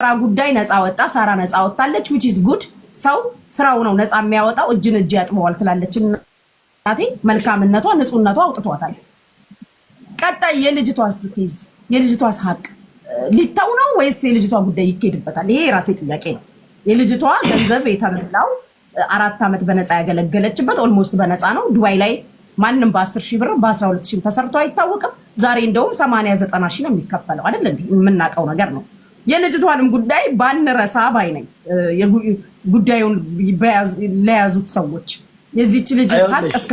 ስራ ጉዳይ ነፃ ወጣ። ሳራ ነፃ ወጣለች። ዊች ኢዝ ጉድ። ሰው ስራው ነው ነፃ የሚያወጣው። እጅን እጅ ያጥበዋል ትላለች እናቴ። መልካምነቷ ንጹህነቷ አውጥቷታል። ቀጣይ የልጅቷስ ኬዝ የልጅቷስ ሀቅ ሊተው ነው ወይስ የልጅቷ ጉዳይ ይካሄድበታል? ይሄ የራሴ ጥያቄ ነው። የልጅቷ ገንዘብ የተመላው አራት ዓመት በነፃ ያገለገለችበት ኦልሞስት በነፃ ነው። ዱባይ ላይ ማንም በ10 ብር በ12 ሺ ተሰርቶ አይታወቅም። ዛሬ እንደውም 80 ሺ ነው የሚከፈለው አይደል? የምናውቀው ነገር ነው። የልጅቷንም ጉዳይ ባንረሳ ባይ ነኝ። ጉዳዩን ለያዙት ሰዎች የዚች ልጅ ሀቅ እስከ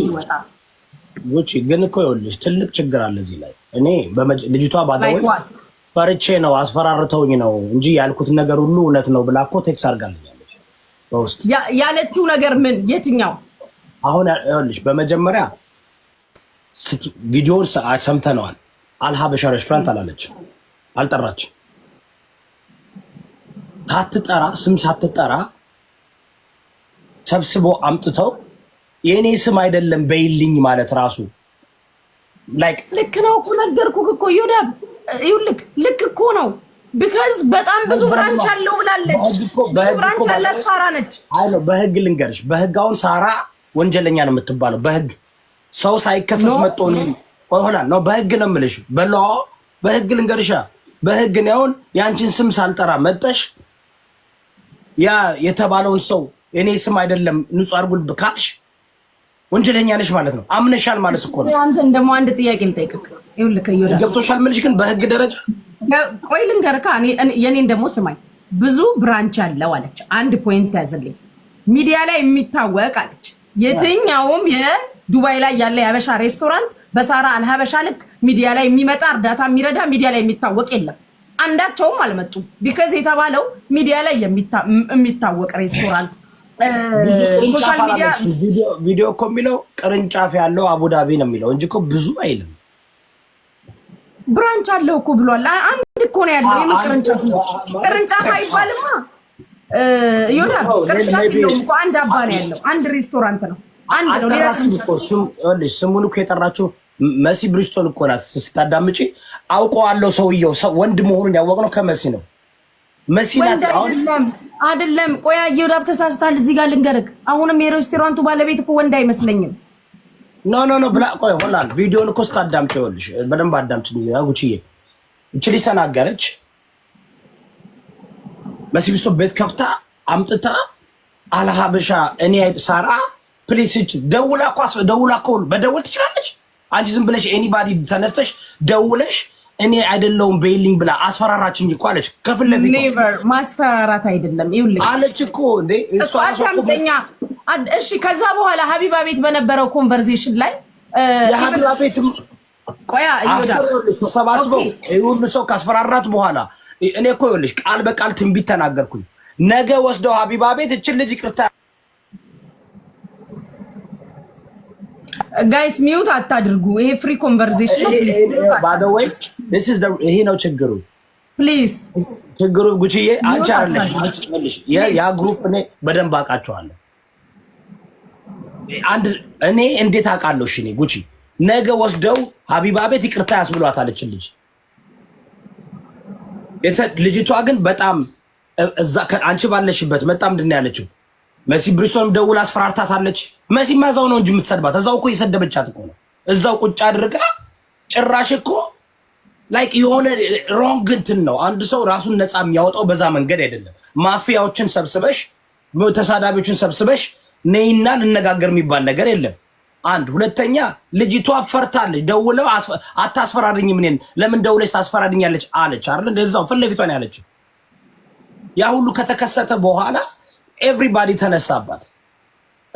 ይወጣ። ጉቺ ግን እኮ ይኸውልሽ ትልቅ ችግር አለ እዚህ ላይ። እኔ ልጅቷ ባዳወ ፈርቼ ነው አስፈራርተውኝ ነው እንጂ ያልኩት ነገር ሁሉ እውነት ነው ብላ እኮ ቴክስ አድርጋልኛለች በውስጥ። ያለችው ነገር ምን? የትኛው? አሁን ይኸውልሽ በመጀመሪያ ቪዲዮን ሰምተነዋል። አልሀበሻ ሬስቶራንት አላለችም፣ አልጠራችም ካትጠራ ስም ሳትጠራ ሰብስቦ አምጥተው የእኔ ስም አይደለም በይልኝ ማለት ራሱ ላይክ ልክ ነው እኮ ነገርኩ እኮ ዮዳብ ይኸውልህ፣ ልክ እኮ ነው። ቢካዝ በጣም ብዙ ብራንች አለው ብላለች። ብዙ ብራንች አላት ሳራ ነች። አይ በህግ ልንገርሽ፣ በህግ አሁን ሳራ ወንጀለኛ ነው የምትባለው። በህግ ሰው ሳይከሰስ መጥቶ ነው ይሆናል ነው በህግ ነው የምልሽ። በለ በህግ ልንገርሻ፣ በህግ ነው ያንቺን ስም ሳልጠራ መጠሽ ያ የተባለውን ሰው እኔ ስም አይደለም ንጹህ አርጉል ካልሽ ወንጀለኛ ነሽ ማለት ነው። አምነሻል ማለት እኮ ነው። አንተ እንደሞ አንድ ጥያቄ ልጠይቅህ። ይኸውልህ ከዮዳ ገብቶሻል ምልሽ ግን በህግ ደረጃ ቆይ ልንገርካ። የኔን ደግሞ ስማኝ። ብዙ ብራንች አለው አለች። አንድ ፖይንት ያዘልኝ። ሚዲያ ላይ የሚታወቅ አለች። የትኛውም የዱባይ ላይ ያለ የሀበሻ ሬስቶራንት በሳራ አልሀበሻ ልክ ሚዲያ ላይ የሚመጣ እርዳታ የሚረዳ ሚዲያ ላይ የሚታወቅ የለም። አንዳቸውም አልመጡም። ቢከዝ የተባለው ሚዲያ ላይ የሚታወቅ ሬስቶራንት ሶሻል ሚዲያ ቪዲዮ እኮ የሚለው ቅርንጫፍ ያለው አቡዳቢ ነው የሚለው እንጂ እኮ ብዙ አይልም። ብራንች አለው እኮ ብሏል። አንድ እኮ ነው ያለው። የምን ቅርንጫፍ ነው? ቅርንጫፍ አይባልማ ይሁዳ ቅርንጫፍ የለውም እኮ አንድ አባ ነው ያለው። አንድ ሬስቶራንት ነው። አንድ ነው። ሌላ ስሙን እኮ የጠራችው መሲ ብሪጅቶን እኮ ናት። ስታዳምጪ አውቀዋለሁ ሰውየው ወንድ መሆኑን ያወቅነው ከመሲ ነው። መሲ ናት። አይደለም ቆያ የዳብ ተሳስታል። እዚህ ጋር ልንገርህ፣ አሁንም የሬስቶራንቱ ባለቤት እኮ ወንድ አይመስለኝም። ኖ ኖ ኖ ብላ ቆይ ሆላል። ቪዲዮን እኮ ስታዳምጪ ይኸውልሽ፣ በደንብ አዳምጪ ጉቺዬ። እቺ ልጅ ተናገረች። መሲ ብሪጅቶን ቤት ከፍታ አምጥታ አልሀበሻ እኔ ሳራ ፕሊስ ደውላ ኳስ ደውላ እኮ በደውል ትችላለች አንቺ ዝም ብለሽ ኤኒባዲ ተነስተሽ ደውለሽ እኔ አይደለውም በይልኝ ብላ አስፈራራችኝ እኮ አለች። ከፍል ለፊት ማስፈራራት አይደለም ይኸውልህ አለች እኮ እንዴ እሱ አሳምጠኛ። እሺ ከዛ በኋላ ሀቢባ ቤት በነበረው ኮንቨርዜሽን ላይ የሀቢባ ቤት ቆያ ተሰባስበው ሁሉ ሰው ካስፈራራት በኋላ እኔ እኮ ይኸውልሽ ቃል በቃል ትንቢት ተናገርኩኝ። ነገ ወስደው ሀቢባ ቤት እችን ልጅ ቅርታ ጋይስ ሚውት አታድርጉ። ይሄ ፍሪ ኮንቨርሴሽን ነው። ፕሊዝ ባደወይ ይሄ ነው ችግሩ። ፕሊዝ ችግሩ ጉቺዬ፣ አንቺ አለሽ ያ ግሩፕ እኔ በደንብ አውቃቸዋለሁ። አንድ እኔ እንዴት አውቃለሁ? እሺ እኔ ጉቺ ነገ ወስደው ሀቢባ ቤት ይቅርታ ያስብሏታለች ልጅ ልጅቷ ግን በጣም እዛ አንቺ ባለሽበት መጣ ምንድን ነው ያለችው? መሲ ብሪስቶን ደውላ አስፈራርታታለች። መሲ ማዛው ነው እንጂ የምትሰድባት እዛው እኮ እየሰደበቻት እኮ ነው። እዛው ቁጭ አድርጋ ጭራሽ እኮ ላይክ የሆነ ሮንግ እንትን ነው። አንድ ሰው ራሱን ነፃ የሚያወጣው በዛ መንገድ አይደለም። ማፊያዎችን ሰብስበሽ ተሳዳቢዎችን ሰብስበሽ ነይና ልነጋገር የሚባል ነገር የለም። አንድ ሁለተኛ፣ ልጅቷ ፈርታለች። ደውለው አታስፈራርኝ፣ ምንን ለምን ደውለሽ ታስፈራርኛለች አለች አይደል? እንደዛው ፊት ለፊቷን ያለችው ያ ሁሉ ከተከሰተ በኋላ ኤቭሪባዲ ተነሳባት።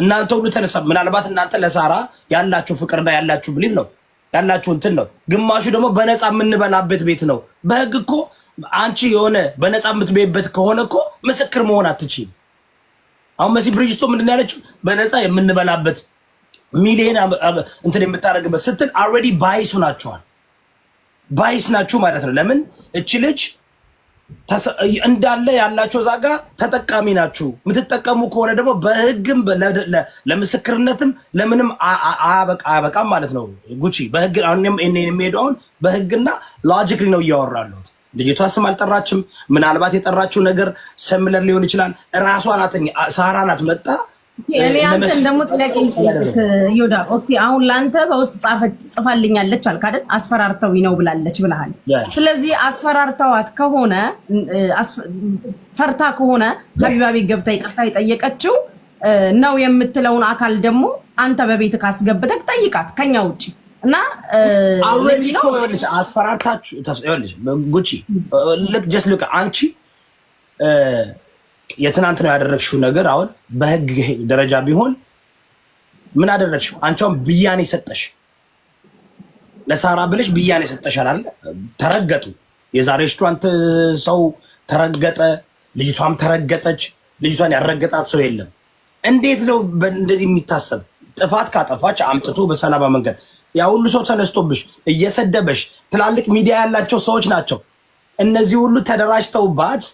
እናንተ ሁሉ ተነሳ። ምናልባት እናንተ ለሳራ ያላችሁ ፍቅርና ያላችሁ ብሊል ነው ያላችሁ እንትን ነው። ግማሹ ደግሞ በነፃ የምንበላበት ቤት ነው። በህግ እኮ አንቺ የሆነ በነፃ የምትበይበት ከሆነ እኮ ምስክር መሆን አትችይም። አሁን መሲ ብሪጅቶ ምንድን ያለችው በነፃ የምንበላበት ሚሊየን እንትን የምታደርግበት ስትል ኦልሬዲ ባይሱ ናቸዋል። ባይስ ናችሁ ማለት ነው። ለምን እች ልጅ እንዳለ ያላቸው እዛ ጋ ተጠቃሚ ናችሁ። የምትጠቀሙ ከሆነ ደግሞ በህግም ለምስክርነትም ለምንም አያበቃም ማለት ነው። ጉቺ በህግ የሚሄደውን በህግና ሎጂክሊ ነው እያወራሉት። ልጅቷ ስም አልጠራችም። ምናልባት የጠራችው ነገር ሰምለር ሊሆን ይችላል። ራሷ ናት ሳራ ናት መጣ እኔ አንተን ደግሞ ጥያቄ ይዳ ኦኬ፣ አሁን ለአንተ በውስጥ ጽፋልኛለች አልክ አይደል? አስፈራርተዊ ነው ብላለች ብለሃል። ስለዚህ አስፈራርተዋት ከሆነ ፈርታ ከሆነ ሀቢባ ቤት ገብታ ይቅርታ የጠየቀችው ነው የምትለውን አካል ደግሞ አንተ በቤት ካስገብተህ ጠይቃት ከኛ ውጭ እና አስፈራርታችሁ ጉቺ ልክ ጀስት ልክ አንቺ የትናንት ነው ያደረግሽው ነገር አሁን በህግ ደረጃ ቢሆን ምን አደረግሽው? አንቻውን ብያኔ ሰጠሽ፣ ለሳራ ብለሽ ብያኔ ሰጠሽ አላለ? ተረገጡ፣ የዛሬ ሰው ተረገጠ፣ ልጅቷም ተረገጠች። ልጅቷን ያረገጣት ሰው የለም። እንዴት ነው እንደዚህ የሚታሰብ? ጥፋት ካጠፋች አምጥቶ በሰላማ መንገድ ያ ሁሉ ሰው ተነስቶብሽ እየሰደበሽ፣ ትላልቅ ሚዲያ ያላቸው ሰዎች ናቸው እነዚህ ሁሉ ተደራጅተውባት፣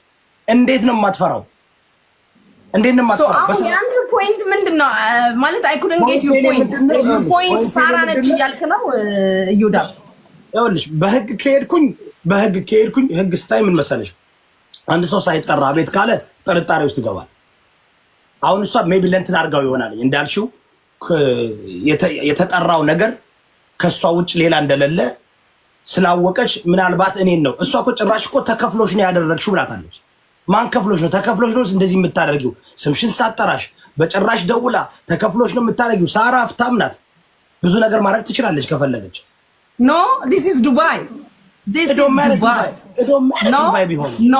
እንዴት ነው የማትፈራው? እንዴት ነው የአንድ ፖይንት ምንድን ነው ማለት? አይ ኩድንት ጌት ዩ ፖይንት ሳራ ነች እያልክ ነው እዩዳ። ይኸውልሽ በህግ ከሄድኩኝ በህግ ከሄድኩኝ ህግ ስታይ ምን መሰለሽ፣ አንድ ሰው ሳይጠራ ቤት ካለ ጥርጣሬ ውስጥ ይገባል። አሁን እሷ ሜቢ ለእንትን አድርጋው ይሆናል እንዳልሽው የተጠራው ነገር ከእሷ ውጭ ሌላ እንደሌለ ስላወቀች ምናልባት እኔን ነው እሷ እኮ ጭራሽ እኮ ተከፍሎሽ ነው ያደረግሽው ብላታለች። ማን ከፍሎሽ ነው? ተከፍሎሽ ነው እንደዚህ የምታደርጊው? ስምሽን ሳጠራሽ በጭራሽ ደውላ ተከፍሎሽ ነው የምታደርጊው? ሳራ ሀብታም ናት፣ ብዙ ነገር ማድረግ ትችላለች ከፈለገች። ኖ ዲስ ኢዝ ዱባይ ዲስ ኢዝ ዱባይ ኖ ኖ ኖ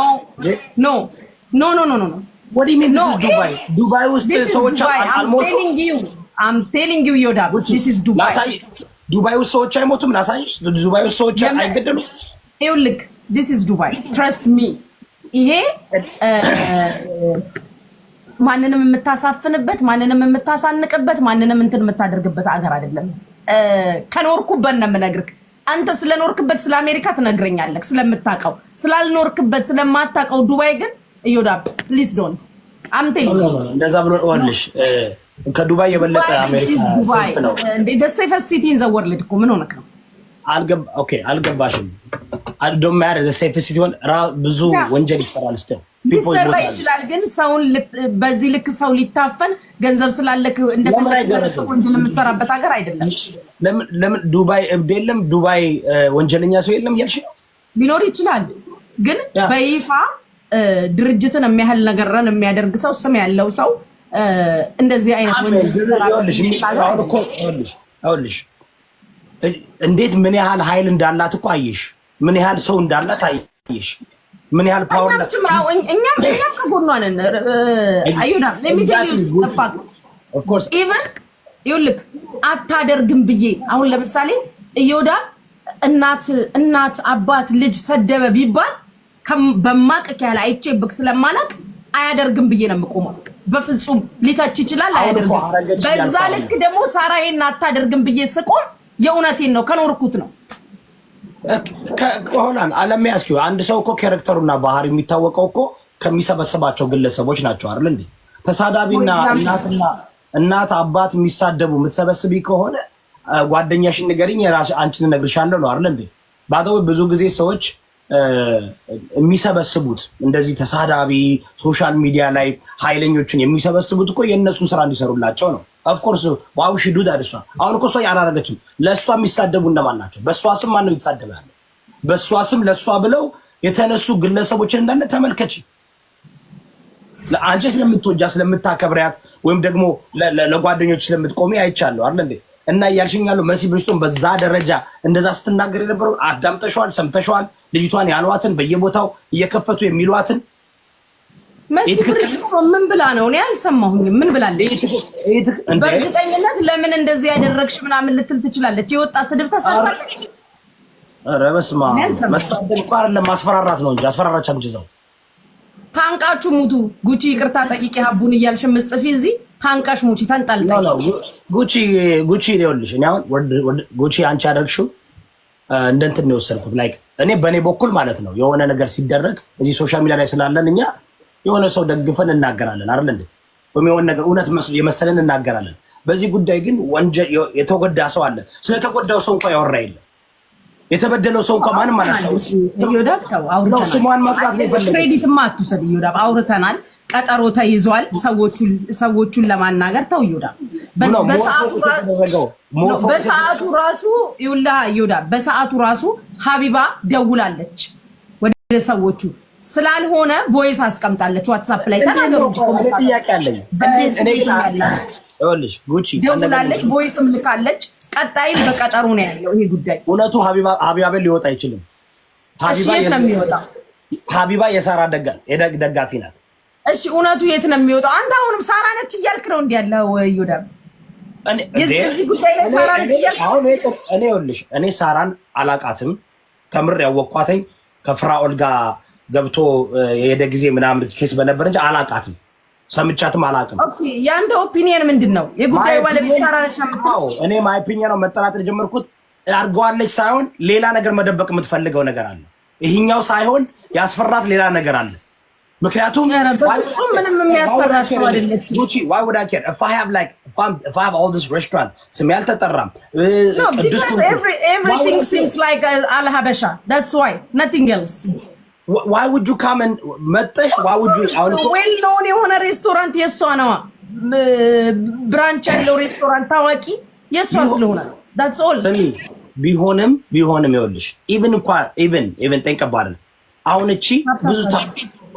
ኖ eh? ሰዎች ዱባይ ውስጥ ሰዎች አይሞቱም። ላሳይሽ ዱባይ ውስጥ ሰዎች አይገደሉም። ይኸውልህ ዲስ ኢዝ ዱባይ Trust ሚ ይሄ ማንንም የምታሳፍንበት ማንንም የምታሳንቅበት ማንንም እንትን የምታደርግበት አገር አይደለም። ከኖርኩበት ነው የምነግርህ። አንተ ስለኖርክበት ስለ አሜሪካ ትነግረኛለህ ስለምታውቀው፣ ስላልኖርክበት ስለማታውቀው ዱባይ ግን እዮዳ ፕሊዝ ዶንት አምቴ እንደዛ ብሎ ዋልሽ ከዱባይ የበለጠ አሜሪካ ነው እንዴ? ደሴ ፈሲቲን ዘወር ልድኩ ምን ሆነክ ነው አልገባሽም። ብዙ ወንጀል ይሰራል ስ ሊሰራ ይችላል። ግን ሰውን በዚህ ልክ ሰው ሊታፈን ገንዘብ ስላለክ እንደፈለክ ወንጀል የምሰራበት ሀገር አይደለም። ለምን ዱባይ እብድ የለም? ዱባይ ወንጀለኛ ሰው የለም እያልሽ ነው? ሊኖር ይችላል። ግን በይፋ ድርጅትን የሚያህል ነገር ረን የሚያደርግ ሰው ስም ያለው ሰው እንደዚህ አይነት ወንጀል እንዴት ምን ያህል ኃይል እንዳላት እኮ አየሽ። ምን ያህል ሰው እንዳላት አየሽ። ምን ያህል ፓወር እኛም እኛም ከጎኗ ነን። ኢቨን ይኸውልህ አታደርግም ብዬ አሁን ለምሳሌ እዮዳ እናት እናት አባት ልጅ ሰደበ ቢባል በማቀቅ ያለ አይቼ ብቅ ስለማላቅ አያደርግም ብዬ ነው የምቆመው። በፍጹም ሊተች ይችላል፣ አያደርግም። በዛ ልክ ደግሞ ሳራ ይሄን አታደርግም ብዬ ስቆም የእውነቴን ነው ከኖርኩት ነው። ሆና አለም ያስኪ አንድ ሰው እኮ ኬረክተሩና ባህሪ የሚታወቀው እኮ ከሚሰበስባቸው ግለሰቦች ናቸው አይደል እንዴ? ተሳዳቢና እናትና እናት አባት የሚሳደቡ የምትሰበስቢ ከሆነ ጓደኛሽን ንገሪኝ፣ የራስ አንቺን እነግርሻለሁ ነው አይደል እንዴ? ባደው ብዙ ጊዜ ሰዎች የሚሰበስቡት እንደዚህ ተሳዳቢ ሶሻል ሚዲያ ላይ ኃይለኞችን የሚሰበስቡት እኮ የእነሱን ስራ እንዲሰሩላቸው ነው። ኦፍኮርስ ዋው ሽዱ ዳድሷ አሁን እኮ እሷ ያላረገችም ለእሷ የሚሳደቡ እነማን ናቸው? በእሷ ስም ማን የተሳደበ ያለ? በእሷ ስም ለእሷ ብለው የተነሱ ግለሰቦችን እንዳለ ተመልከች። አንቺ ስለምትወጃ ስለምታከብሪያት ወይም ደግሞ ለጓደኞች ስለምትቆሚ አይቻለሁ አለ እንዴ እና እያልሽኛለሁ መሲ ብልሽቶን በዛ ደረጃ እንደዛ ስትናገር የነበረው አዳምጠሸዋል፣ ሰምተሸዋል። ልጅቷን ያሏትን በየቦታው እየከፈቱ የሚሏትን ምን ብላ ነው? እኔ አልሰማሁኝም። ምን ብላለች? በእርግጠኝነት ለምን እንደዚህ ያደረግሽ ምናምን ልትል ትችላለች። የወጣ ስድብ ተሳልፋለች። ኧረ በስመ አብ መሳደብ እኮ አይደለም ማስፈራራት ነው እንጂ አስፈራራች። አንቺ እዛው ታንቃችሁ ሙቱ። ጉቺ ይቅርታ ጠቂቄ ሀቡን እያልሽ የምትጽፊ እዚህ ታንቃሽ ሙቺ ተንጠልጠይ። ጉቺ ጉቺ እኔ አሁን ጉቺ አንቺ ያደርግሽው እንደ የወሰድኩት። ላይክ እኔ በእኔ በኩል ማለት ነው የሆነ ነገር ሲደረግ እዚህ ሶሻል ሚዲያ ላይ ስላለን እኛ የሆነ ሰው ደግፈን እናገራለን አለ እንዴ? ወይም የሆነ ነገር እውነት መስሎ የመሰለን እናገራለን። በዚህ ጉዳይ ግን ወንጀል የተጎዳ ሰው አለ። ስለተጎዳው ሰው እንኳ ያወራ የለም። የተበደለው ሰው እንኳ ማንም አላስታውስ። ስሟን ማጥራት ነው ክሬዲትማ አትውሰድ እዮዳብ፣ አውርተናል። ቀጠሮ ተይዟል። ሰዎቹን ለማናገር ተው እዮዳብ። በሰዓቱ ራሱ ይውላ እዮዳብ፣ በሰዓቱ ራሱ ሀቢባ ደውላለች ወደ ሰዎቹ ስላልሆነ ቮይስ አስቀምጣለች ዋትሳፕ ላይ ተናገሩ። ጥያቄ አለኝ ደውላለች፣ ቮይስም ልካለች። ቀጣይም በቀጠሩ ነው ያለው ይሄ ጉዳይ። እውነቱ ሀቢባ ሊወጣ አይችልም። የት ሀቢባ የሳራ ደጋፊ ናት። እሺ እውነቱ የት ነው የሚወጣው? አንተ አሁንም ሳራ ነች እያልክ ነው እንዲ ያለው ዩዳ እኔ ይኸውልሽ፣ እኔ ሳራን አላቃትም። ከምር ያወቅኳተኝ ከፍራኦል ጋር ገብቶ የሄደ ጊዜ ምናምን ኬስ በነበር እንጂ አላቃትም፣ ሰምቻትም አላቅም። የአንተ ኦፒኒየን ምንድን ነው? የጉዳዩ ባለቤት ሳራ ነች ነው። እኔ ማይ ኦፒኒየን ነው መጠራጠር ጀመርኩት። አድርገዋለች ሳይሆን ሌላ ነገር መደበቅ የምትፈልገው ነገር አለ። ይህኛው ሳይሆን ያስፈራት ሌላ ነገር አለ። ምክንያቱም ምንም የሚያስፈራት ሰው አይደለችም። ሬስቶራንት ስሜ አልተጠራም። ዋይ ውጁ ካመን መጠሽ ዌል ኖን የሆነ ሬስቶራንት የእሷ ነዋ። ብራንች ያለው ሬስቶራንት ታዋቂ የእሷ ስለሆነ ዳትስ ኦል። ቢሆንም ቢሆንም ይኸውልሽ ኢቭን እንኳ ኢቭን ኢቭን ጠንቀባል አሁን እቺ ብዙ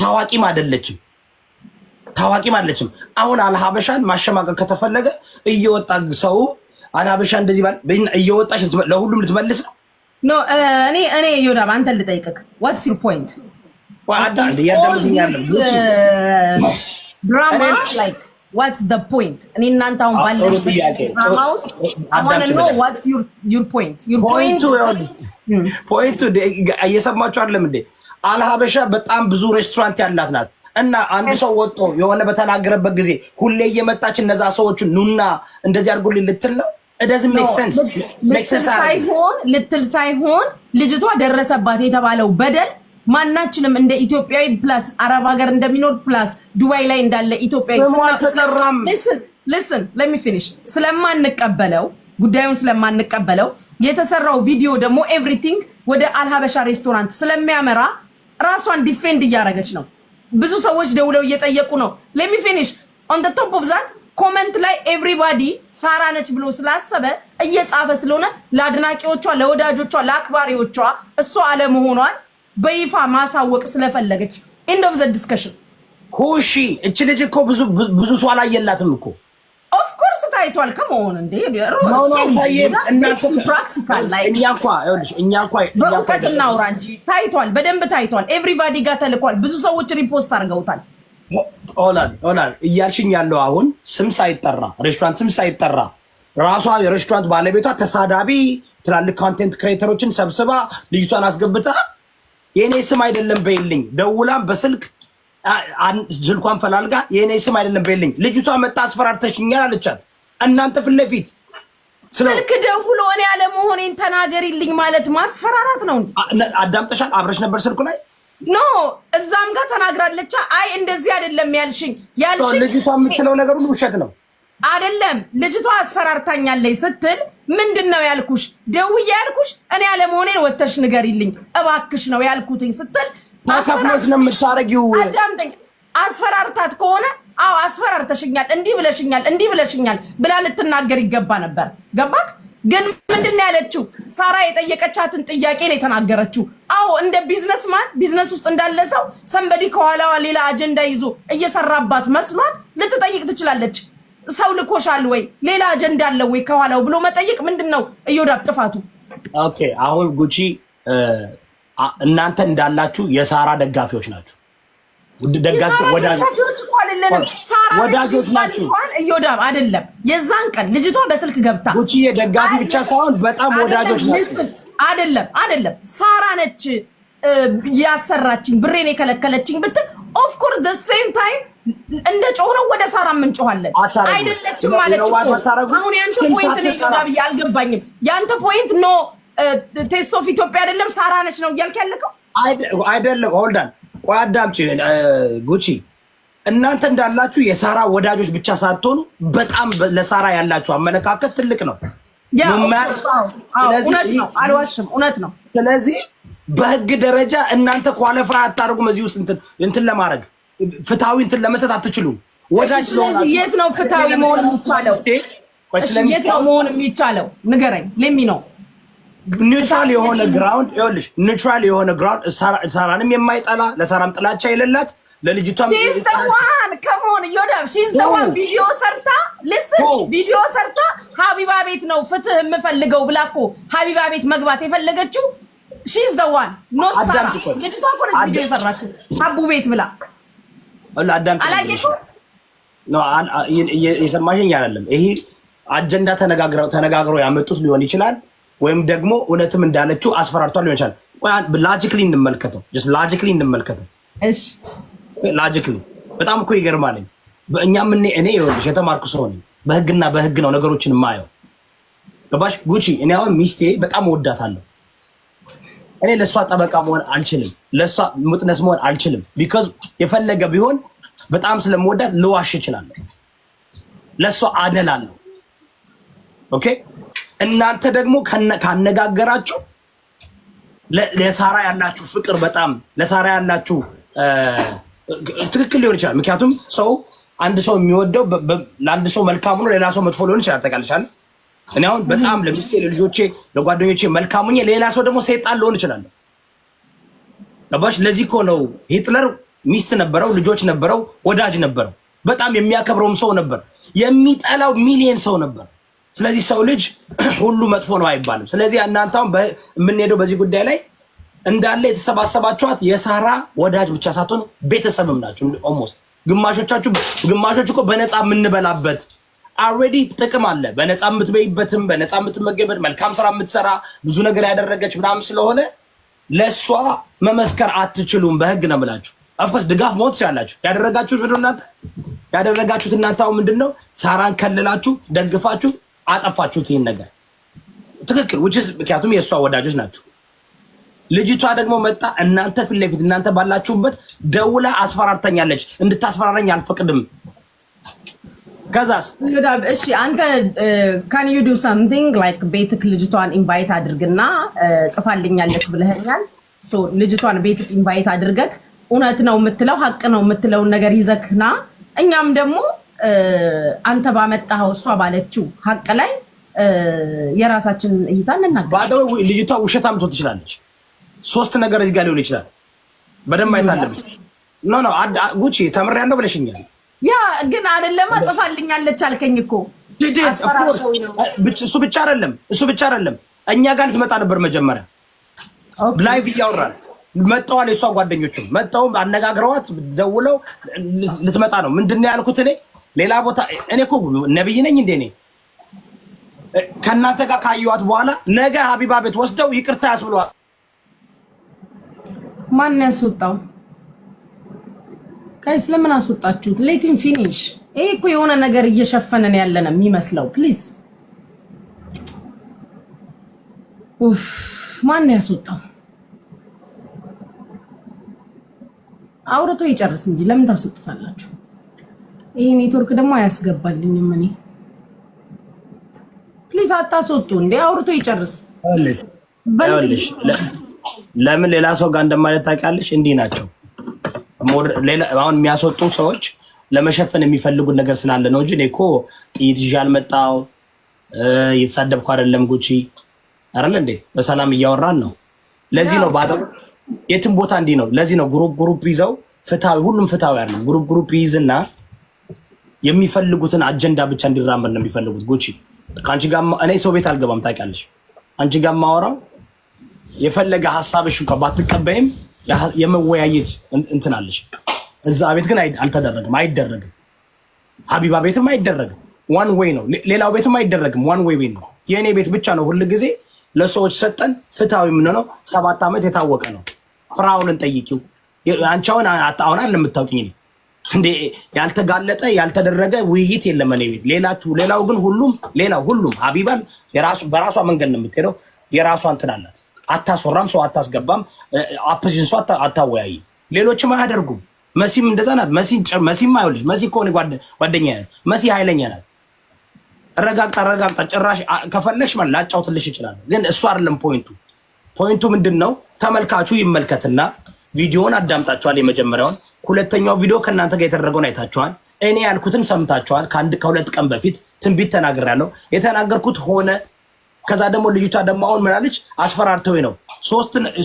ታዋቂም አይደለችም ታዋቂም አይደለችም። አሁን አልሀበሻን ማሸማቀቅ ከተፈለገ እየወጣ ሰው አልሀበሻ እንደዚህ እየወጣሽ ለሁሉም ልትመልስ ነው ኖ እኔ እኔ ዮዳብ አንተን ልጠይቅህ። ዋትስ ዩር ፖይንት? ድራማ ላይክ ዋትስ ዘ ፖይንት? እኔ እናንተ አሁን ባለ ድራማ ውስጥ አሁን ነው ዋትስ ዩር ፖይንት? ዩር ፖይንቱ ፖይንቱ እየሰማችሁ አይደለም እንዴ? አልሀበሻ በጣም ብዙ ሬስቶራንት ያላት ናት። እና አንድ ሰው ወጥቶ የሆነ በተናገረበት ጊዜ ሁሌ እየመጣች እነዛ ሰዎቹ ኑና እንደዚህ አድርጉልኝ ልትል ነው ሳይሆን ልትል ሳይሆን ልጅቷ ደረሰባት የተባለው በደል ማናችንም እንደ ኢትዮጵያዊ ፕላስ አረብ ሀገር እንደሚኖር ፕላስ ዱባይ ላይ እንዳለ ኢትዮጵያዊ ልስን ለሚ ፊኒሽ ስለማንቀበለው ጉዳዩን ስለማንቀበለው የተሰራው ቪዲዮ ደግሞ ኤቭሪቲንግ ወደ አልሀበሻ ሬስቶራንት ስለሚያመራ ራሷን ዲፌንድ እያደረገች ነው። ብዙ ሰዎች ደውለው እየጠየቁ ነው። ለሚ ፊኒሽ ኦን ቶፕ ኦፍ ዛት ኮመንት ላይ ኤቭሪባዲ ሳራ ነች ብሎ ስላሰበ እየጻፈ ስለሆነ ለአድናቂዎቿ፣ ለወዳጆቿ፣ ለአክባሪዎቿ እሷ አለመሆኗን በይፋ ማሳወቅ ስለፈለገች ኢንድ ኦፍ ዘ ዲስከሽን ሁሺ እች ልጅ እኮ ብዙ ሰው አላየላትም እኮ ኦፍኮርስ ታይቷል። ከመሆን እንደ እናውራ እንጂ ታይቷል፣ በደንብ ታይቷል። ኤቭሪባዲ ጋር ተልኳል። ብዙ ሰዎች ሪፖስት አድርገውታል። ሆናል ሆናል እያልሽኝ ያለው አሁን ስም ሳይጠራ ሬስቶራንት ስም ሳይጠራ ራሷ የሬስቶራንት ባለቤቷ ተሳዳቢ ትላልቅ ኮንቴንት ክሬተሮችን ሰብስባ ልጅቷን አስገብታ የእኔ ስም አይደለም በይልኝ፣ ደውላም በስልክ ስልኳን ፈላልጋ የእኔ ስም አይደለም በይልኝ፣ ልጅቷ መጣ አስፈራርተሽኛል አለቻት። እናንተ ፊት ለፊት ስልክ ደውሎ እኔ አለመሆኔን ተናገሪልኝ ማለት ማስፈራራት ነው። አዳምጠሻል? አብረሽ ነበር ስልኩ ላይ ኖ እዛም ጋር ተናግራለች። አይ እንደዚህ አይደለም ያልሽኝ ያልሽኝ ልጅቷ የምትለው ነገር ሁሉ ውሸት ነው አይደለም። ልጅቷ አስፈራርታኛለች ስትል ምንድን ነው ያልኩሽ? ደውዬ ያልኩሽ እኔ አለመሆኔን ወተሽ ንገሪልኝ እባክሽ ነው ያልኩትኝ ስትል ታሳፍነሽ ነው የምታረጊው። አዳምጠኝ። አስፈራርታት ከሆነ አዎ አስፈራርተሽኛል፣ እንዲህ ብለሽኛል፣ እንዲህ ብለሽኛል ብላ ልትናገር ይገባ ነበር። ገባክ? ግን ምንድን ያለችው ሳራ የጠየቀቻትን ጥያቄ ነው የተናገረችው። አዎ እንደ ቢዝነስማን ቢዝነስ ውስጥ እንዳለ ሰው ሰንበዲ ከኋላዋ ሌላ አጀንዳ ይዞ እየሰራባት መስሏት ልትጠይቅ ትችላለች። ሰው ልኮሻል ወይ ሌላ አጀንዳ አለ ወይ ከኋላው ብሎ መጠየቅ ምንድን ነው እዮዳብ ጥፋቱ? ኦኬ አሁን ጉቺ እናንተ እንዳላችሁ የሳራ ደጋፊዎች ናችሁ። ደጋፊዎች አይደለንም። ሳራ ወዳጆች ናችሁ እዮዳብ አይደለም። የዛን ቀን ልጅቷ በስልክ ገብታ ጉቺዬ ደጋፊ ብቻ ሳይሆን በጣም ወዳጆች ናችሁ። አይደለም አይደለም፣ ሳራ ነች ያሰራችኝ ብሬን የከለከለችኝ ብትል ኦፍኮርስ ኮርስ ዘ ሴም ታይም እንደ ጮህ ነው ወደ ሳራ የምንጮኋለን። አይደለችም ማለት አሁን ያንተ ፖይንት ነው ዮዳብዬ፣ አልገባኝም። ያንተ ፖይንት ኖ ቴስት ኦፍ ኢትዮጵያ አይደለም ሳራ ነች ነው እያልክ ያለከው አይደለም። ሆልዳን ቆይ አዳምጪ ጉቺ እናንተ እንዳላችሁ የሳራ ወዳጆች ብቻ ሳትሆኑ በጣም ለሳራ ያላችሁ አመለካከት ትልቅ ነው። አልዋሽም፣ እውነት ነው። ስለዚህ በህግ ደረጃ እናንተ ኳለፋ አታደርጉም። እዚህ ውስጥ እንትን ለማድረግ ፍትሐዊ እንትን ለመስጠት አትችሉም። ወዳጅ ስለዚህ የት ነው ፍትሐዊ መሆን የሚቻለው? የት ነው መሆን የሚቻለው? ንገረኝ። ለሚ ነው ኒውትራል የሆነ ግራውንድ ይኸውልሽ፣ ኒውትራል የሆነ ግራውንድ ሳራንም የማይጠላ ለሳራም ጥላቻ የሌላት ለልጅቷ ዋን ከመሆን እዮዳብ ዋን ቪዲዮ ሰርታ ልስን ቪዲዮ ሰርታ ሀቢባ ቤት ነው ፍትህ የምፈልገው ብላ እኮ ሀቢባ ቤት መግባት የፈለገችው ሺዝ ዋን ኖት ሳራ ልጅቷ እኮ ነች ቪዲዮ የሰራችው አቡ ቤት ብላ አላየሽውም? የሰማሽኝ አይደለም። ይሄ አጀንዳ ተነጋግረው ያመጡት ሊሆን ይችላል፣ ወይም ደግሞ እውነትም እንዳለችው አስፈራርቷል ሊሆን ይችላል። ላጂክሊ እንመልከተው፣ ላጂክሊ እንመልከተው። ላጅክ ነው። በጣም እኮ ይገርማለኝ። በእኛ ምን እኔ ይኸውልሽ የተማርኩ ሰው ነኝ። በህግና በህግ ነው ነገሮችን የማየው። ገባሽ ጉቺ? እኔ አሁን ሚስቴ በጣም ወዳታለሁ። እኔ ለእሷ ጠበቃ መሆን አልችልም። ለእሷ ምጥነስ መሆን አልችልም። ቢካዝ የፈለገ ቢሆን በጣም ስለምወዳት ልዋሽ እችላለሁ። ለእሷ አደላለሁ። ኦኬ እናንተ ደግሞ ካነጋገራችሁ ለሳራ ያላችሁ ፍቅር በጣም ለሳራ ያላችሁ ትክክል ሊሆን ይችላል። ምክንያቱም ሰው አንድ ሰው የሚወደው ለአንድ ሰው መልካም ነው፣ ሌላ ሰው መጥፎ ሊሆን ይችላል። ታውቃለች። እኔ አሁን በጣም ለሚስቴ፣ ለልጆቼ፣ ለጓደኞቼ መልካም ሆኜ ሌላ ሰው ደግሞ ሰይጣን ሊሆን ይችላል። ገባሽ? ለዚህ እኮ ነው ሂትለር ሚስት ነበረው፣ ልጆች ነበረው፣ ወዳጅ ነበረው፣ በጣም የሚያከብረውም ሰው ነበር፣ የሚጠላው ሚሊየን ሰው ነበር። ስለዚህ ሰው ልጅ ሁሉ መጥፎ ነው አይባልም። ስለዚህ እናንተ አሁን የምንሄደው በዚህ ጉዳይ ላይ እንዳለ የተሰባሰባችኋት የሳራ ወዳጅ ብቻ ሳትሆን ቤተሰብም ናችሁ። ኦልሞስት ግማሾቻችሁ ግማሾች እኮ በነፃ የምንበላበት አልሬዲ ጥቅም አለ። በነፃ የምትበይበትም በነፃ የምትመገበት መልካም ስራ የምትሰራ ብዙ ነገር ያደረገች ምናምን ስለሆነ ለእሷ መመስከር አትችሉም። በህግ ነው ምላችሁ። አፍኮርስ ድጋፍ ሞት ሲያላችሁ ያደረጋችሁት ምንድን ነው? እናንተ ያደረጋችሁት እናንተ አሁን ምንድን ነው ሳራን ከልላችሁ ደግፋችሁ አጠፋችሁት። ይህን ነገር ትክክል ውችስ ምክንያቱም የእሷ ወዳጆች ናቸው። ልጅቷ ደግሞ መጣ እናንተ ፊት ለፊት እናንተ ባላችሁበት ደውላ አስፈራርተኛለች። እንድታስፈራረኝ አልፈቅድም። ከዛስ እሺ አንተ ካን ዩ ዱ ሳምቲንግ ላይክ ቤትክ ልጅቷን ኢንቫይት አድርግና ጽፋልኛለች ብለኸኛል። ሶ ልጅቷን ቤትክ ኢንቫይት አድርገክ እውነት ነው የምትለው ሀቅ ነው የምትለውን ነገር ይዘክና እኛም ደግሞ አንተ ባመጣኸው እሷ ባለችው ሀቅ ላይ የራሳችን እይታ እንናገር። ልጅቷ ውሸት አምቶ ትችላለች። ሶስት ነገር እዚህ ጋር ሊሆን ይችላል። በደንብ አይታለም። ኖ ኖ ጉቺ ተምሬያለሁ ብለሽኛል። ያ ግን አይደለማ ጽፋልኛለች አልከኝ እኮ እሱ ብቻ አይደለም እሱ ብቻ አይደለም። እኛ ጋር ልትመጣ ነበር መጀመሪያ ላይቭ እያወራል መጣዋል። የእሷ ጓደኞችም መጣው አነጋግረዋት ደውለው ልትመጣ ነው። ምንድን ነው ያልኩት እኔ ሌላ ቦታ እኔ እኮ ነብይ ነኝ እንዴ? እኔ ከእናንተ ጋር ካየኋት በኋላ ነገ ሀቢባ ቤት ወስደው ይቅርታ ያስብለዋል። ማን ያስወጣው? ጋይስ ለምን አስወጣችሁት? ሌቲን ፊኒሽ። ይሄ እኮ የሆነ ነገር እየሸፈነን ያለን የሚመስለው። ፕሊዝ ኡፍ፣ ማን ያስወጣው? አውርቶ ይጨርስ እንጂ ለምን ታስወጡታላችሁ? ይሄ ኔትወርክ ደግሞ አያስገባልኝም። እኔ ፕሊዝ አታስወጡ እንዴ! አውርቶ ይጨርስ። ለምን ሌላ ሰው ጋር እንደማለት ታውቂያለሽ? እንዲህ ናቸው። አሁን የሚያስወጡ ሰዎች ለመሸፈን የሚፈልጉት ነገር ስላለ ነው እንጂ እኔ እኮ ጥይት ይዤ አልመጣሁ፣ እየተሳደብኩ አይደለም። ጉቺ አይደለ እንዴ? በሰላም እያወራን ነው። ለዚህ ነው ባዶ የትም ቦታ እንዲህ ነው። ለዚህ ነው ግሩፕ ግሩፕ ይዘው ፍትሐዊ፣ ሁሉም ፍትሐዊ ያለው ግሩፕ ግሩፕ ይይዝና የሚፈልጉትን አጀንዳ ብቻ እንዲራመድ ነው የሚፈልጉት። ጉቺ ከአንቺ ጋር እኔ ሰው ቤት አልገባም ታውቂያለሽ። አንቺ ጋር ማወራው የፈለገ ሀሳብሽ እንኳን ባትቀበይም የመወያየት እንትናለሽ። እዛ ቤት ግን አልተደረግም፣ አይደረግም። ሀቢባ ቤትም አይደረግም። ዋን ዌይ ነው። ሌላው ቤትም አይደረግም። ዋን ዌይ ቤት ነው። የእኔ ቤት ብቻ ነው ሁል ጊዜ ለሰዎች ሰጠን ፍትሃዊ የምንሆነው። ሰባት ዓመት የታወቀ ነው። ፍራውልን ጠይቂው። አንቻውን አሁን አለ ለምታውቂኝ እንዴ ያልተጋለጠ ያልተደረገ ውይይት የለም እኔ ቤት። ሌላችሁ ሌላው ግን ሁሉም ሌላው ሁሉም ሀቢባን በራሷ መንገድ ነው የምትሄደው። የራሷ እንትን አላት። አታስወራም፣ ሰው አታስገባም፣ አፕሽን ሰው አታወያይ። ሌሎችም አያደርጉም። መሲም እንደዛ ናት። መሲም አይወልጅ መሲ ከሆነ ጓደኛ ናት። መሲ ኃይለኛ ናት። ረጋግጣ ረጋግጣ ጭራሽ ከፈለግሽ ማለት ላጫውትልሽ ይችላል። ግን እሱ አይደለም ፖይንቱ። ፖይንቱ ምንድን ነው? ተመልካቹ ይመልከትና ቪዲዮውን አዳምጣችኋል፣ የመጀመሪያውን። ሁለተኛው ቪዲዮ ከእናንተ ጋር የተደረገውን አይታችኋል። እኔ ያልኩትን ሰምታችኋል። ከአንድ ከሁለት ቀን በፊት ትንቢት ተናግሬያለሁ። የተናገርኩት ሆነ ከዛ ደግሞ ልጅቷ ደግሞ አሁን ምናለች? አስፈራርተው ነው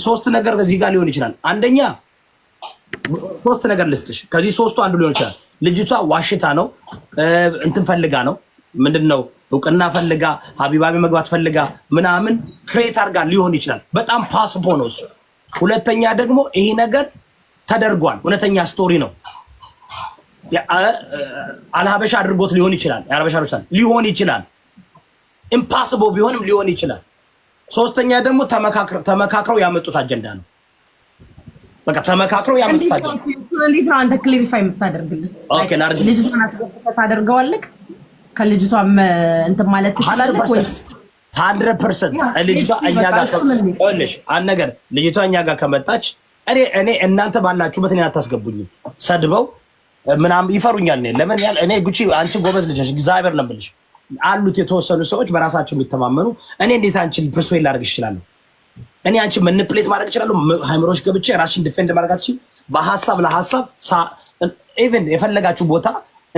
ሶስት ነገር እዚህ ጋር ሊሆን ይችላል። አንደኛ ሶስት ነገር ልስጥሽ፣ ከዚህ ሶስቱ አንዱ ሊሆን ይችላል። ልጅቷ ዋሽታ ነው እንትን ፈልጋ ነው ምንድን ነው እውቅና ፈልጋ ሀቢባቢ መግባት ፈልጋ ምናምን ክሬት አድርጋ ሊሆን ይችላል። በጣም ፓስፖ ነው እሱ። ሁለተኛ ደግሞ ይሄ ነገር ተደርጓል፣ እውነተኛ ስቶሪ ነው። አልሀበሻ አድርጎት ሊሆን ይችላል። ሊሆን ይችላል ኢምፓስቦ ቢሆንም ሊሆን ይችላል። ሶስተኛ ደግሞ ተመካክረው ያመጡት አጀንዳ ነው። በቃ ተመካክረው ያመጡት አጀንዳ እንዴት ነው አንተ ክሊሪፋይ የምታደርግልን? ኦኬ ላርጅ ልጅቷን አስገብተህ ታደርገዋለህ። ከልጅቷ እንትን ማለት ትችላለህ ወይስ ሀንድረድ ፐርሰንት ልጅቷ እኛ ጋር ልሽ አንድ ነገር ልጅቷ እኛ ጋር ከመጣች እኔ እኔ እናንተ ባላችሁበት እኔን አታስገቡኝም። ሰድበው ምናምን ይፈሩኛል። ለምን ያል እኔ ጉቺ አንቺ ጎበዝ ልጅ ነሽ፣ እግዚአብሔር ነው የምልሽ አሉት የተወሰኑ ሰዎች በራሳቸው የሚተማመኑ እኔ እንዴት አንቺን ፕርሱዌት ላደርግ እችላለሁ? እኔ አንቺን መንፕሌት ማድረግ እችላለሁ? ሃይምሮች ገብቼ ራሽን ዲፌንድ ማድረግ አትችይም? በሀሳብ ለሀሳብ ኢቨን የፈለጋችሁ ቦታ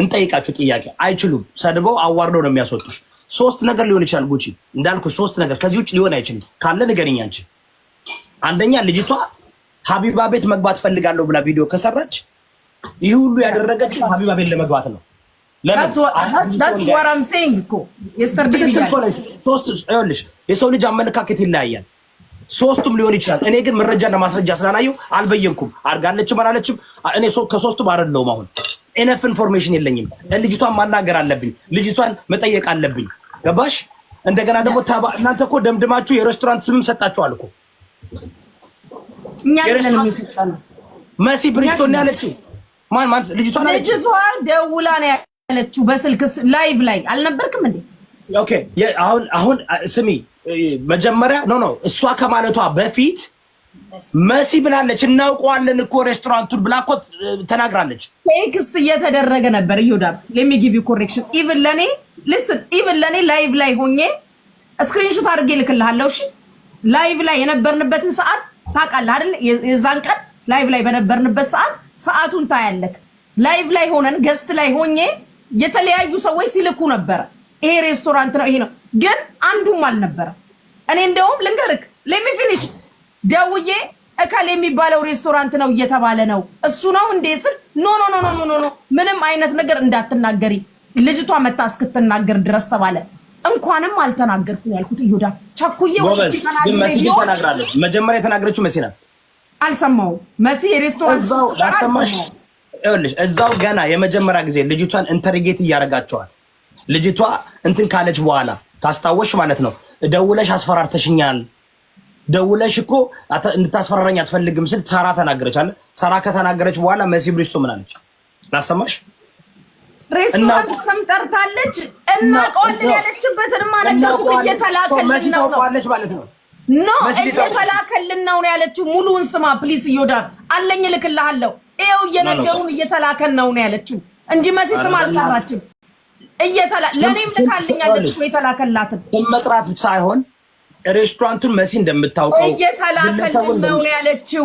እንጠይቃችሁ ጥያቄ አይችሉም። ሰድበው አዋርዶ ነው የሚያስወጡሽ። ሶስት ነገር ሊሆን ይችላል ጉቺ እንዳልኩ ሶስት ነገር ከዚህ ውጭ ሊሆን አይችልም። ካለ ንገሪኝ አንቺ። አንደኛ ልጅቷ ሀቢባ ቤት መግባት ፈልጋለሁ ብላ ቪዲዮ ከሰራች ይህ ሁሉ ያደረገችው ሀቢባ ቤት ለመግባት ነው። የሰው ልጅ አመለካከት ይለያያል። ሶስቱም ሊሆን ይችላል። እኔ ግን መረጃና ማስረጃ ስላላየሁ አልበየንኩም። አድርጋለችም አላለችም እኔ ከሶስቱም አይደለሁም። አሁን ኤነፍ ኢንፎርሜሽን የለኝም። ልጅቷን ማናገር አለብኝ። ልጅቷን መጠየቅ አለብኝ። ገባሽ? እንደገና ደግሞ እናንተ እኮ ደምድማችሁ የሬስቶራንት ስምም ሰጣችኋል እኮ መሲ ብሪስቶን ያለችው ማን ማን ልጅቷን ደውላ ነው ያለችው በስልክ ላይቭ ላይ አልነበርክም እንዴ? ኦኬ አሁን አሁን ስሚ፣ መጀመሪያ ኖ ኖ እሷ ከማለቷ በፊት መሲ ብላለች፣ እናውቀዋለን እኮ ሬስቶራንቱን ብላ እኮ ተናግራለች። ቴክስት እየተደረገ ነበር። ይሁዳ ሌሚ ጊቭ ዩ ኮሬክሽን ኢቭን ለኔ ልስን ኢቭን ለኔ ላይቭ ላይ ሆኜ ስክሪንሾት አድርጌ ልክልሃለሁ። እሺ ላይቭ ላይ የነበርንበትን ሰዓት ታውቃለህ አይደል? የዛን ቀን ላይቭ ላይ በነበርንበት ሰዓት ሰዓቱን ታያለክ። ላይቭ ላይ ሆነን ገስት ላይ ሆኜ የተለያዩ ሰዎች ሲልኩ ነበረ። ይሄ ሬስቶራንት ነው፣ ይሄ ነው። ግን አንዱም አልነበረ። እኔ እንደውም ልንገርክ ሌሚ ፊኒሽ ደውዬ እከል የሚባለው ሬስቶራንት ነው እየተባለ ነው እሱ ነው እንዴ ስል ኖ ኖ ኖ ኖ ኖ ምንም አይነት ነገር እንዳትናገሪ ልጅቷ መታ እስክትናገር ድረስ ተባለ። እንኳንም አልተናገርኩ ያልኩት ይሁዳ ቸኩዬ ወጪ ተናግራለች። መጀመሪያ የተናገረችው መሲ ናት። አልሰማው መሲ ሬስቶራንት ይኸውልሽ እዛው ገና የመጀመሪያ ጊዜ ልጅቷን ኢንተርጌት እያደረጋቸዋት ልጅቷ እንትን ካለች በኋላ ካስታወሽ ማለት ነው ደውለሽ አስፈራርተሽኛል ደውለሽ እኮ እንድታስፈራረኝ አትፈልግም ስል ሳራ ተናገረች አለ ሳራ ከተናገረች በኋላ መሲ ብሪስቶ ምን አለች ላሰማሽ ሬስቶራንት ስም ጠርታለች እናውቀዋለን ያለችበትን ማነገርኩ እየተላከልን ነው ማለት ነው ኖ እየተላከልን ነው ያለችው ሙሉውን ስማ ፕሊስ፣ እዮዳብ አለኝ እልክልሃለሁ ይኸው እየነገሩን እየተላከን ነው ነው ያለችው እንጂ መሲ ስም አልጠራችም። እየተላ ልካልኛለች ነው የተላከላትን መጥራት ሳይሆን ሬስቶራንቱን መሲ እንደምታውቀው እየተላከልን ነው ያለችው።